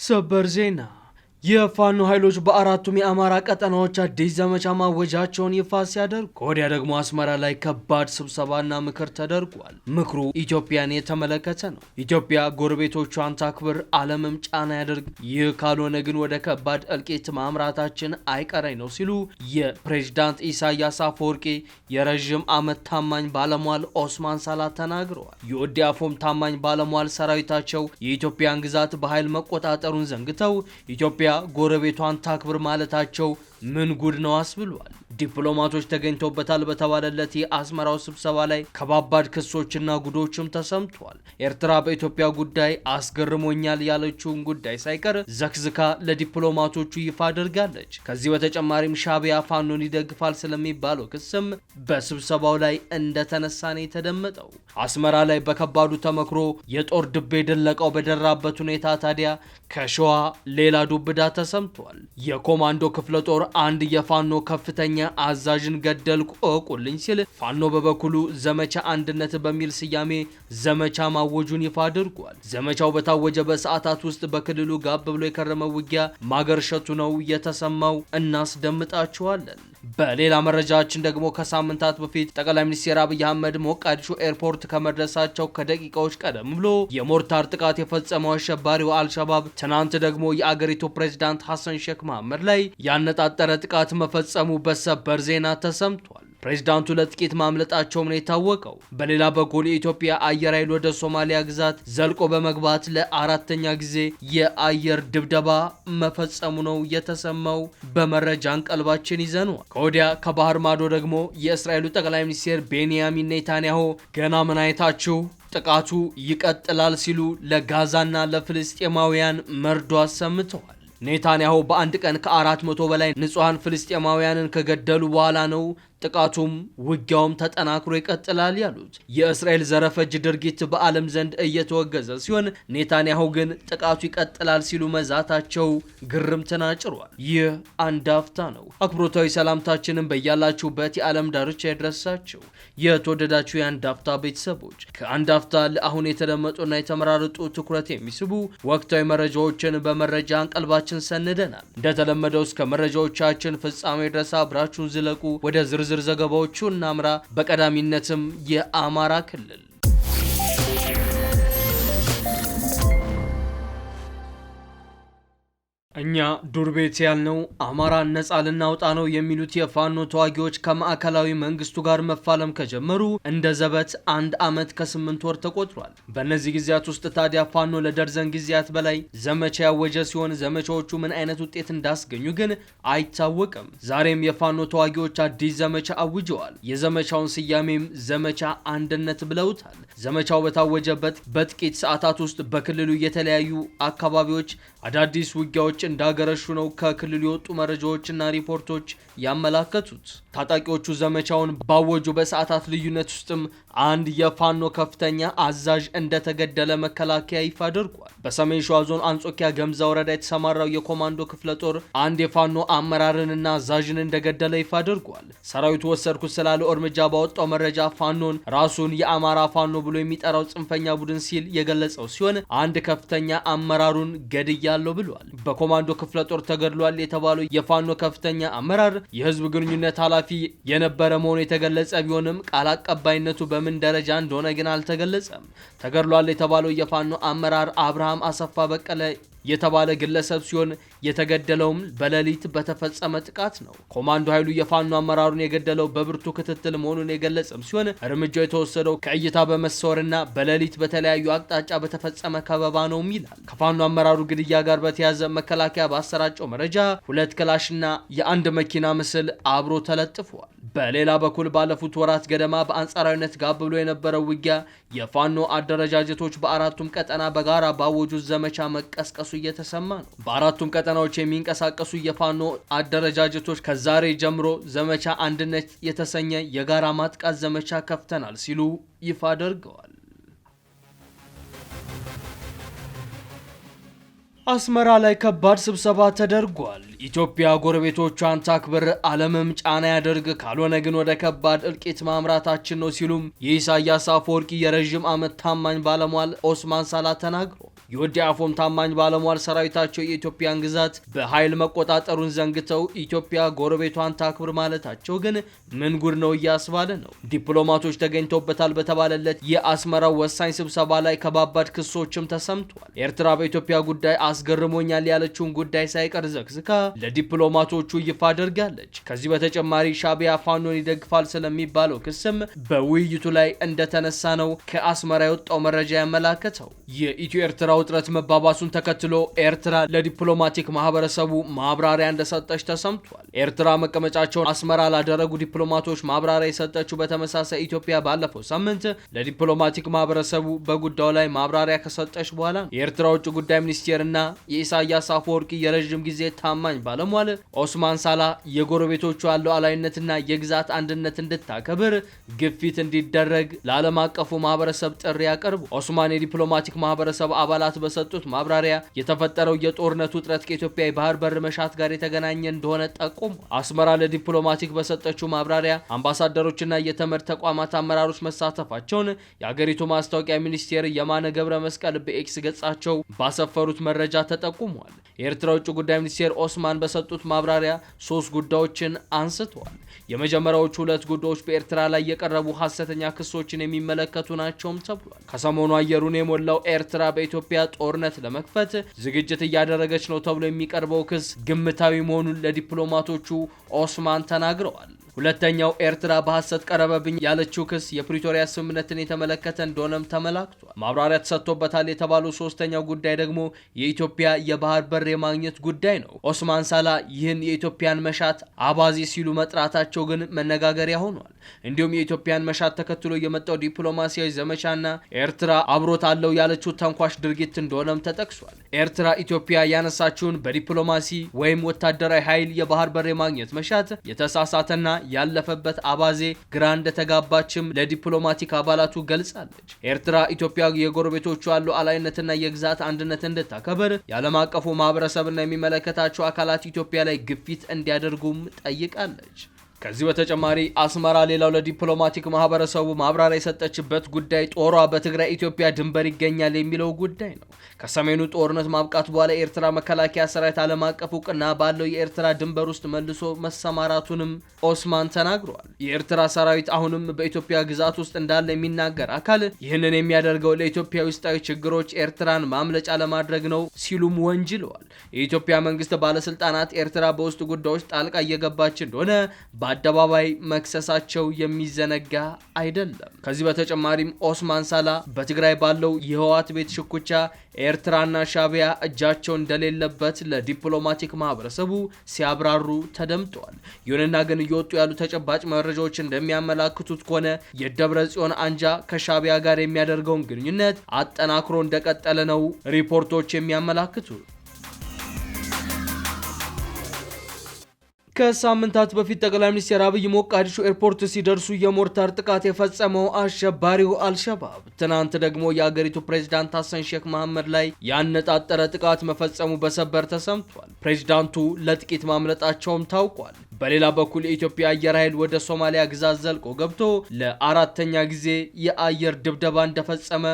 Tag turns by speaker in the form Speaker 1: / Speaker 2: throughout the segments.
Speaker 1: Sabrzena. የፋኖ ኃይሎች በአራቱም የአማራ ቀጠናዎች አዲስ ዘመቻ ማወጃቸውን ይፋ ሲያደርጉ ከወዲያ ደግሞ አስመራ ላይ ከባድ ስብሰባና ምክር ተደርጓል። ምክሩ ኢትዮጵያን የተመለከተ ነው። ኢትዮጵያ ጎረቤቶቿን ታክብር፣ ዓለምም ጫና ያደርግ። ይህ ካልሆነ ግን ወደ ከባድ እልቂት ማምራታችን አይቀረኝ ነው ሲሉ የፕሬዚዳንት ኢሳያስ አፈወርቂ የረዥም ዓመት ታማኝ ባለሟል ኦስማን ሳላ ተናግረዋል። የወዲያፎም ታማኝ ባለሟል ሰራዊታቸው የኢትዮጵያን ግዛት በኃይል መቆጣጠሩን ዘንግተው ኢትዮጵያ ጎረቤቷን ታክብር ማለታቸው ምን ጉድ ነው አስብሏል። ዲፕሎማቶች ተገኝተውበታል በተባለለት የአስመራው ስብሰባ ላይ ከባባድ ክሶችና ጉዶችም ተሰምቷል። ኤርትራ በኢትዮጵያ ጉዳይ አስገርሞኛል ያለችውን ጉዳይ ሳይቀር ዘክዝካ ለዲፕሎማቶቹ ይፋ አድርጋለች። ከዚህ በተጨማሪም ሻቢያ ፋኖን ይደግፋል ስለሚባለው ክስም በስብሰባው ላይ እንደተነሳ ነው የተደመጠው። አስመራ ላይ በከባዱ ተመክሮ የጦር ድቤ ደለቀው በደራበት ሁኔታ ታዲያ ከሸዋ ሌላ ዱብዳ ተሰምቷል። የኮማንዶ ክፍለ ጦር አንድ የፋኖ ከፍተኛ አዛዥን ገደልኩ እወቁልኝ ሲል ፋኖ በበኩሉ ዘመቻ አንድነት በሚል ስያሜ ዘመቻ ማወጁን ይፋ አድርጓል። ዘመቻው በታወጀ በሰዓታት ውስጥ በክልሉ ጋብ ብሎ የከረመው ውጊያ ማገርሸቱ ነው የተሰማው። እናስደምጣችኋለን። በሌላ መረጃችን ደግሞ ከሳምንታት በፊት ጠቅላይ ሚኒስትር አብይ አህመድ ሞቃዲሾ ኤርፖርት ከመድረሳቸው ከደቂቃዎች ቀደም ብሎ የሞርታር ጥቃት የፈጸመው አሸባሪው አልሸባብ ትናንት ደግሞ የአገሪቱ ፕሬዚዳንት ሐሰን ሼክ መሐመድ ላይ ያነጣጠረ ጥቃት መፈጸሙ በሰበር ዜና ተሰምቶ ፕሬዚዳንቱ ለጥቂት ማምለጣቸውም ነው የታወቀው። በሌላ በኩል የኢትዮጵያ አየር ኃይል ወደ ሶማሊያ ግዛት ዘልቆ በመግባት ለአራተኛ ጊዜ የአየር ድብደባ መፈጸሙ ነው የተሰማው። በመረጃ አንቀልባችን ይዘነዋል። ከወዲያ ከባህር ማዶ ደግሞ የእስራኤሉ ጠቅላይ ሚኒስትር ቤንያሚን ኔታንያሁ ገና ምን አይታችሁ ጥቃቱ ይቀጥላል ሲሉ ለጋዛና ለፍልስጤማውያን መርዶ አሰምተዋል። ኔታንያሁ በአንድ ቀን ከአራት መቶ በላይ ንጹሐን ፍልስጤማውያንን ከገደሉ በኋላ ነው ጥቃቱም ውጊያውም ተጠናክሮ ይቀጥላል ያሉት የእስራኤል ዘረፈጅ ድርጊት በዓለም ዘንድ እየተወገዘ ሲሆን ኔታንያሁ ግን ጥቃቱ ይቀጥላል ሲሉ መዛታቸው ግርምትን አጭሯል። ይህ አንድ አፍታ ነው። አክብሮታዊ ሰላምታችንን በያላችሁበት የዓለም ዳርቻ ይድረሳቸው። የተወደዳችሁ የአንድ አፍታ ቤተሰቦች ከአንድ አፍታ ለአሁን የተደመጡና የተመራረጡ ትኩረት የሚስቡ ወቅታዊ መረጃዎችን በመረጃ አንቀልባችን ሰንደናል። እንደተለመደው እስከ መረጃዎቻችን ፍጻሜ ድረስ አብራችሁን ዝለቁ። ወደ ዝርዝ ዝርዝር ዘገባዎቹ እናምራ። በቀዳሚነትም የአማራ ክልል እኛ ዱር ቤት ያልነው አማራን ነጻ ልናውጣ ነው የሚሉት የፋኖ ተዋጊዎች ከማዕከላዊ መንግስቱ ጋር መፋለም ከጀመሩ እንደ ዘበት አንድ ዓመት ከስምንት ወር ተቆጥሯል። በእነዚህ ጊዜያት ውስጥ ታዲያ ፋኖ ለደርዘን ጊዜያት በላይ ዘመቻ ያወጀ ሲሆን ዘመቻዎቹ ምን አይነት ውጤት እንዳስገኙ ግን አይታወቅም። ዛሬም የፋኖ ተዋጊዎች አዲስ ዘመቻ አውጀዋል። የዘመቻውን ስያሜም ዘመቻ አንድነት ብለውታል። ዘመቻው በታወጀበት በጥቂት ሰዓታት ውስጥ በክልሉ የተለያዩ አካባቢዎች አዳዲስ ውጊያዎች እንዳገረሹ ነው ከክልሉ የወጡ መረጃዎችና ሪፖርቶች ያመላከቱት። ታጣቂዎቹ ዘመቻውን ባወጁ በሰዓታት ልዩነት ውስጥም አንድ የፋኖ ከፍተኛ አዛዥ እንደተገደለ መከላከያ ይፋ አድርጓል። በሰሜን ሸዋ ዞን አንጾኪያ ገምዛ ወረዳ የተሰማራው የኮማንዶ ክፍለ ጦር አንድ የፋኖ አመራርንና አዛዥን እንደገደለ ይፋ አድርጓል። ሰራዊቱ ወሰድኩት ስላለው እርምጃ ባወጣው መረጃ ፋኖን ራሱን የአማራ ፋኖ ብሎ የሚጠራው ጽንፈኛ ቡድን ሲል የገለጸው ሲሆን አንድ ከፍተኛ አመራሩን ገድያለሁ ብሏል። በኮማንዶ ክፍለ ጦር ተገድሏል የተባለው የፋኖ ከፍተኛ አመራር የህዝብ ግንኙነት ኃላፊ የነበረ መሆኑ የተገለጸ ቢሆንም ቃል አቀባይነቱ በ በምን ደረጃ እንደሆነ ግን አልተገለጸም። ተገድሏል የተባለው የፋኖ አመራር አብርሃም አሰፋ በቀለ የተባለ ግለሰብ ሲሆን የተገደለውም በሌሊት በተፈጸመ ጥቃት ነው። ኮማንዶ ኃይሉ የፋኖ አመራሩን የገደለው በብርቱ ክትትል መሆኑን የገለጸም ሲሆን እርምጃው የተወሰደው ከእይታ በመሰወርና በሌሊት በተለያዩ አቅጣጫ በተፈጸመ ከበባ ነውም ይላል። ከፋኖ አመራሩ ግድያ ጋር በተያዘ መከላከያ ባሰራጨው መረጃ ሁለት ክላሽና የአንድ መኪና ምስል አብሮ ተለጥፏል። በሌላ በኩል ባለፉት ወራት ገደማ በአንጻራዊነት ጋብ ብሎ የነበረው ውጊያ የፋኖ አደረጃጀቶች በአራቱም ቀጠና በጋራ ባወጁት ዘመቻ መቀስቀሱ እየተሰማ ነው። በአራቱም ቀጠናዎች የሚንቀሳቀሱ የፋኖ አደረጃጀቶች ከዛሬ ጀምሮ ዘመቻ አንድነት የተሰኘ የጋራ ማጥቃት ዘመቻ ከፍተናል ሲሉ ይፋ አድርገዋል። አስመራ ላይ ከባድ ስብሰባ ተደርጓል። ኢትዮጵያ ጎረቤቶቿን ታክብር፣ ዓለምም ጫና ያደርግ፣ ካልሆነ ግን ወደ ከባድ እልቂት ማምራታችን ነው ሲሉም የኢሳያስ አፈወርቂ የረዥም ዓመት ታማኝ ባለሟል ኦስማን ሳላ ተናግሯል። የወዲ አፎም ታማኝ ባለሟል ሰራዊታቸው የኢትዮጵያን ግዛት በኃይል መቆጣጠሩን ዘንግተው ኢትዮጵያ ጎረቤቷን ታክብር ማለታቸው ግን ምን ጉድ ነው እያስባለ ነው። ዲፕሎማቶች ተገኝተውበታል በተባለለት የአስመራው ወሳኝ ስብሰባ ላይ ከባባድ ክሶችም ተሰምቷል። ኤርትራ በኢትዮጵያ ጉዳይ አስገርሞኛል ያለችውን ጉዳይ ሳይቀር ዘግዝካ ለዲፕሎማቶቹ ይፋ አድርጋለች። ከዚህ በተጨማሪ ሻቢያ ፋኖን ይደግፋል ስለሚባለው ክስም በውይይቱ ላይ እንደተነሳ ነው ከአስመራ የወጣው መረጃ ያመላከተው የኢትዮ ኤርትራው ውጥረት መባባሱን ተከትሎ ኤርትራ ለዲፕሎማቲክ ማህበረሰቡ ማብራሪያ እንደሰጠች ተሰምቷል። ኤርትራ መቀመጫቸውን አስመራ ላደረጉ ዲፕሎማቶች ማብራሪያ የሰጠችው በተመሳሳይ ኢትዮጵያ ባለፈው ሳምንት ለዲፕሎማቲክ ማህበረሰቡ በጉዳዩ ላይ ማብራሪያ ከሰጠች በኋላ የኤርትራ ውጭ ጉዳይ ሚኒስቴር እና የኢሳያስ አፈወርቂ የረዥም ጊዜ ታማኝ ባለሟል ኦስማን ሳላ ያለው ሉዓላዊነትና የግዛት አንድነት እንድታከብር ግፊት እንዲደረግ ለዓለም አቀፉ ማህበረሰብ ጥሪ ያቀርቡ። ኦስማን የዲፕሎማቲክ ማህበረሰብ አባላት ሰዓት በሰጡት ማብራሪያ የተፈጠረው የጦርነት ውጥረት ከኢትዮጵያ የባህር በር መሻት ጋር የተገናኘ እንደሆነ ጠቁም። አስመራ ለዲፕሎማቲክ በሰጠችው ማብራሪያ አምባሳደሮችና የተመድ ተቋማት አመራሮች መሳተፋቸውን የአገሪቱ ማስታወቂያ ሚኒስቴር የማነ ገብረ መስቀል በኤክስ ገጻቸው ባሰፈሩት መረጃ ተጠቁሟል። የኤርትራ ውጭ ጉዳይ ሚኒስቴር ኦስማን በሰጡት ማብራሪያ ሶስት ጉዳዮችን አንስተዋል። የመጀመሪያዎቹ ሁለት ጉዳዮች በኤርትራ ላይ የቀረቡ ሀሰተኛ ክሶችን የሚመለከቱ ናቸውም ተብሏል። ከሰሞኑ አየሩን የሞላው ኤርትራ በኢትዮጵያ ሶሪያ ጦርነት ለመክፈት ዝግጅት እያደረገች ነው ተብሎ የሚቀርበው ክስ ግምታዊ መሆኑን ለዲፕሎማቶቹ ኦስማን ተናግረዋል። ሁለተኛው ኤርትራ በሐሰት ቀረበብኝ ያለችው ክስ የፕሪቶሪያ ስምምነትን የተመለከተ እንደሆነም ተመላክቷል። ማብራሪያ ተሰጥቶበታል የተባሉ ሶስተኛው ጉዳይ ደግሞ የኢትዮጵያ የባህር በር የማግኘት ጉዳይ ነው። ኦስማን ሳላ ይህን የኢትዮጵያን መሻት አባዜ ሲሉ መጥራታቸው ግን መነጋገሪያ ሆኗል። እንዲሁም የኢትዮጵያን መሻት ተከትሎ የመጣው ዲፕሎማሲያዊ ዘመቻና ኤርትራ አብሮት አለው ያለችው ተንኳሽ ድርጊት እንደሆነም ተጠቅሷል። ኤርትራ ኢትዮጵያ ያነሳችውን በዲፕሎማሲ ወይም ወታደራዊ ኃይል የባህር በር የማግኘት መሻት የተሳሳተና ያለፈበት አባዜ ግራ እንደተጋባችም ለዲፕሎማቲክ አባላቱ ገልጻለች። ኤርትራ ኢትዮጵያ ያሉ አላይነትና የግዛት አንድነት እንድታከብር የዓለም አቀፉ ማህበረሰብና የሚመለከታቸው አካላት ኢትዮጵያ ላይ ግፊት እንዲያደርጉም ጠይቃለች። ከዚህ በተጨማሪ አስመራ ሌላው ለዲፕሎማቲክ ማህበረሰቡ ማብራሪያ የሰጠችበት ጉዳይ ጦሯ በትግራይ ኢትዮጵያ ድንበር ይገኛል የሚለው ጉዳይ ነው። ከሰሜኑ ጦርነት ማብቃት በኋላ የኤርትራ መከላከያ ሰራዊት ዓለም አቀፍ እውቅና ባለው የኤርትራ ድንበር ውስጥ መልሶ መሰማራቱንም ኦስማን ተናግረዋል። የኤርትራ ሰራዊት አሁንም በኢትዮጵያ ግዛት ውስጥ እንዳለ የሚናገር አካል ይህንን የሚያደርገው ለኢትዮጵያ ውስጣዊ ችግሮች ኤርትራን ማምለጫ ለማድረግ ነው ሲሉም ወንጅለዋል። የኢትዮጵያ መንግስት ባለስልጣናት ኤርትራ በውስጥ ጉዳዮች ጣልቃ እየገባች እንደሆነ በአደባባይ መክሰሳቸው የሚዘነጋ አይደለም። ከዚህ በተጨማሪም ኦስማን ሳላ በትግራይ ባለው የህወሓት ቤት ሽኩቻ ኤርትራና ሻቢያ እጃቸው እንደሌለበት ለዲፕሎማቲክ ማህበረሰቡ ሲያብራሩ ተደምጠዋል። ይሁንና ግን እየወጡ ያሉ ተጨባጭ መረጃዎች እንደሚያመላክቱት ከሆነ የደብረ ጽዮን አንጃ ከሻቢያ ጋር የሚያደርገውን ግንኙነት አጠናክሮ እንደቀጠለ ነው ሪፖርቶች የሚያመላክቱ ከሳምንታት በፊት ጠቅላይ ሚኒስትር አብይ ሞቃዲሾ ኤርፖርት ሲደርሱ የሞርታር ጥቃት የፈጸመው አሸባሪው አልሸባብ ትናንት ደግሞ የአገሪቱ ፕሬዚዳንት ሐሰን ሼክ መሐመድ ላይ ያነጣጠረ ጥቃት መፈጸሙ በሰበር ተሰምቷል። ፕሬዚዳንቱ ለጥቂት ማምለጣቸውም ታውቋል። በሌላ በኩል የኢትዮጵያ አየር ኃይል ወደ ሶማሊያ ግዛት ዘልቆ ገብቶ ለአራተኛ ጊዜ የአየር ድብደባ እንደፈጸመ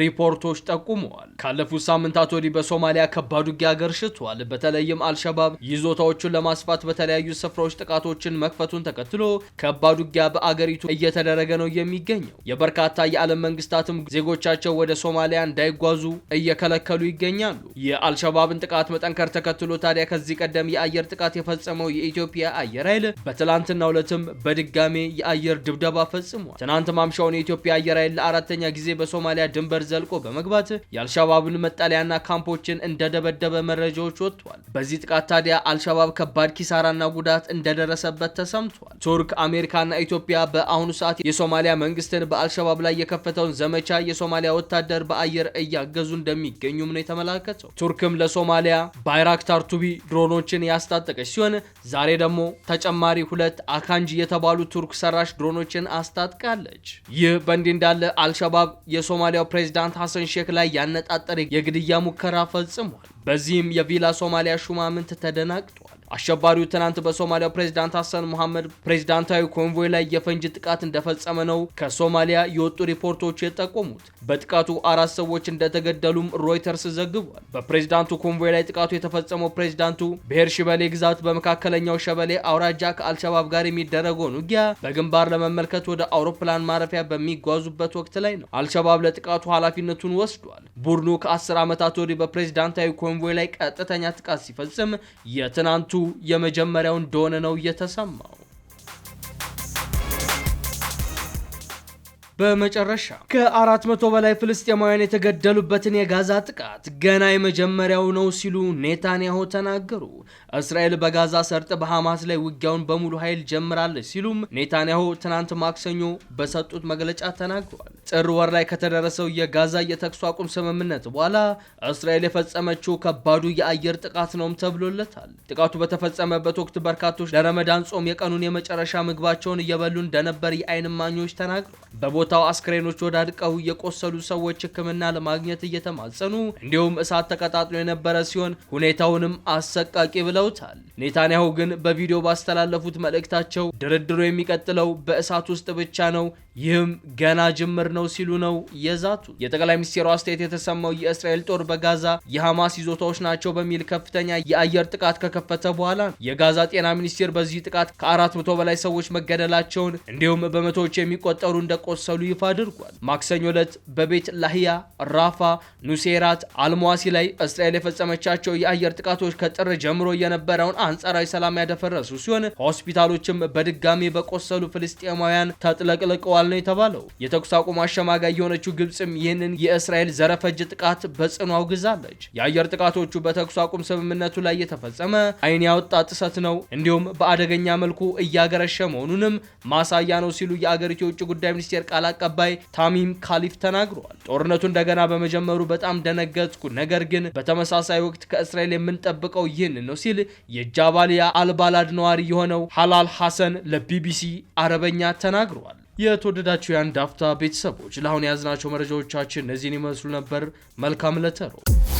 Speaker 1: ሪፖርቶች ጠቁመዋል። ካለፉት ሳምንታት ወዲህ በሶማሊያ ከባድ ውጊያ ገርሽቷል። በተለይም አልሸባብ ይዞታዎቹን ለማስፋት በተለያዩ ስፍራዎች ጥቃቶችን መክፈቱን ተከትሎ ከባድ ውጊያ በአገሪቱ እየተደረገ ነው የሚገኘው። የበርካታ የዓለም መንግስታትም ዜጎቻቸው ወደ ሶማሊያ እንዳይጓዙ እየከለከሉ ይገኛሉ። የአልሸባብን ጥቃት መጠንከር ተከትሎ ታዲያ ከዚህ ቀደም የአየር ጥቃት የፈጸመው የኢትዮጵያ አየር ኃይል በትላንትናው ዕለትም በድጋሜ የአየር ድብደባ ፈጽሟል። ትናንት ማምሻውን የኢትዮጵያ አየር ኃይል ለአራተኛ ጊዜ በሶማሊያ ድንበር ድንበር ዘልቆ በመግባት የአልሻባብን መጠለያና ካምፖችን እንደደበደበ መረጃዎች ወጥቷል። በዚህ ጥቃት ታዲያ አልሻባብ ከባድ ኪሳራና ጉዳት እንደደረሰበት ተሰምቷል። ቱርክ፣ አሜሪካና ኢትዮጵያ በአሁኑ ሰዓት የሶማሊያ መንግስትን በአልሸባብ ላይ የከፈተውን ዘመቻ የሶማሊያ ወታደር በአየር እያገዙ እንደሚገኙም ነው የተመላከተው። ቱርክም ለሶማሊያ ባይራክታር ቱቢ ድሮኖችን ያስታጠቀች ሲሆን ዛሬ ደግሞ ተጨማሪ ሁለት አካንጅ የተባሉ ቱርክ ሰራሽ ድሮኖችን አስታጥቃለች። ይህ በእንዲህ እንዳለ አልሸባብ የሶማሊያው ፕሬ ፕሬዚዳንት ሐሰን ሼክ ላይ ያነጣጠረ የግድያ ሙከራ ፈጽሟል። በዚህም የቪላ ሶማሊያ ሹማምንት ተደናግጧል። አሸባሪው ትናንት በሶማሊያ ፕሬዝዳንት ሀሰን መሐመድ ፕሬዝዳንታዊ ኮንቮይ ላይ የፈንጅ ጥቃት እንደፈጸመ ነው ከሶማሊያ የወጡ ሪፖርቶች የጠቆሙት። በጥቃቱ አራት ሰዎች እንደተገደሉም ሮይተርስ ዘግቧል። በፕሬዝዳንቱ ኮንቮይ ላይ ጥቃቱ የተፈጸመው ፕሬዝዳንቱ ብሔር ሽበሌ ግዛት በመካከለኛው ሸበሌ አውራጃ ከአልሸባብ ጋር የሚደረገውን ውጊያ በግንባር ለመመልከት ወደ አውሮፕላን ማረፊያ በሚጓዙበት ወቅት ላይ ነው። አልሸባብ ለጥቃቱ ኃላፊነቱን ወስዷል። ቡድኑ ከአስር ዓመታት ወዲህ በፕሬዝዳንታዊ ኮንቮይ ላይ ቀጥተኛ ጥቃት ሲፈጽም የትናንቱ የመጀመሪያው እንደሆነ ነው የተሰማው። በመጨረሻ ከአራት መቶ በላይ ፍልስጤማውያን የተገደሉበትን የጋዛ ጥቃት ገና የመጀመሪያው ነው ሲሉ ኔታንያሁ ተናገሩ። እስራኤል በጋዛ ሰርጥ በሐማስ ላይ ውጊያውን በሙሉ ኃይል ጀምራለች ሲሉም ኔታንያሁ ትናንት ማክሰኞ በሰጡት መግለጫ ተናግሯል። ጥር ወር ላይ ከተደረሰው የጋዛ የተኩስ አቁም ስምምነት በኋላ እስራኤል የፈጸመችው ከባዱ የአየር ጥቃት ነውም ተብሎለታል። ጥቃቱ በተፈጸመበት ወቅት በርካቶች ለረመዳን ጾም የቀኑን የመጨረሻ ምግባቸውን እየበሉ እንደነበር የአይን እማኞች ተናግረዋል። በቦታው አስክሬኖች ወዳድቀው የቆሰሉ ሰዎች ሕክምና ለማግኘት እየተማጸኑ እንዲሁም እሳት ተቀጣጥሎ የነበረ ሲሆን ሁኔታውንም አሰቃቂ ብለውታል። ኔታንያሁ ግን በቪዲዮ ባስተላለፉት መልእክታቸው ድርድሩ የሚቀጥለው በእሳት ውስጥ ብቻ ነው ይህም ገና ጅምር ነው ሲሉ ነው የዛቱ። የጠቅላይ ሚኒስቴሩ አስተያየት የተሰማው የእስራኤል ጦር በጋዛ የሐማስ ይዞታዎች ናቸው በሚል ከፍተኛ የአየር ጥቃት ከከፈተ በኋላ የጋዛ ጤና ሚኒስቴር በዚህ ጥቃት ከ400 በላይ ሰዎች መገደላቸውን እንዲሁም በመቶዎች የሚቆጠሩ እንደቆሰሉ ይፋ አድርጓል። ማክሰኞ ዕለት በቤት ላህያ ራፋ፣ ኑሴራት፣ አልሟሲ ላይ እስራኤል የፈጸመቻቸው የአየር ጥቃቶች ከጥር ጀምሮ የነበረውን አንጻራዊ ሰላም ያደፈረሱ ሲሆን ሆስፒታሎችም በድጋሚ በቆሰሉ ፍልስጤማውያን ተጥለቅልቀዋል ይቀጥላል ነው የተባለው። የተኩስ አቁም አሸማጋይ የሆነችው ግብጽም ይህንን የእስራኤል ዘረፈጅ ጥቃት በጽኑ አውግዛለች። የአየር ጥቃቶቹ በተኩስ አቁም ስምምነቱ ላይ የተፈጸመ አይን ያወጣ ጥሰት ነው፣ እንዲሁም በአደገኛ መልኩ እያገረሸ መሆኑንም ማሳያ ነው ሲሉ የአገሪቱ የውጭ ጉዳይ ሚኒስቴር ቃል አቀባይ ታሚም ካሊፍ ተናግረዋል። ጦርነቱ እንደገና በመጀመሩ በጣም ደነገጥኩ፣ ነገር ግን በተመሳሳይ ወቅት ከእስራኤል የምንጠብቀው ይህን ነው ሲል የጃባሊያ አልባላድ ነዋሪ የሆነው ሀላል ሐሰን ለቢቢሲ አረበኛ ተናግረዋል። የተወደዳቸው የአንድ አፍታ ቤተሰቦች ለአሁን የያዝናቸው መረጃዎቻችን እነዚህን ይመስሉ ነበር። መልካም ለተሮ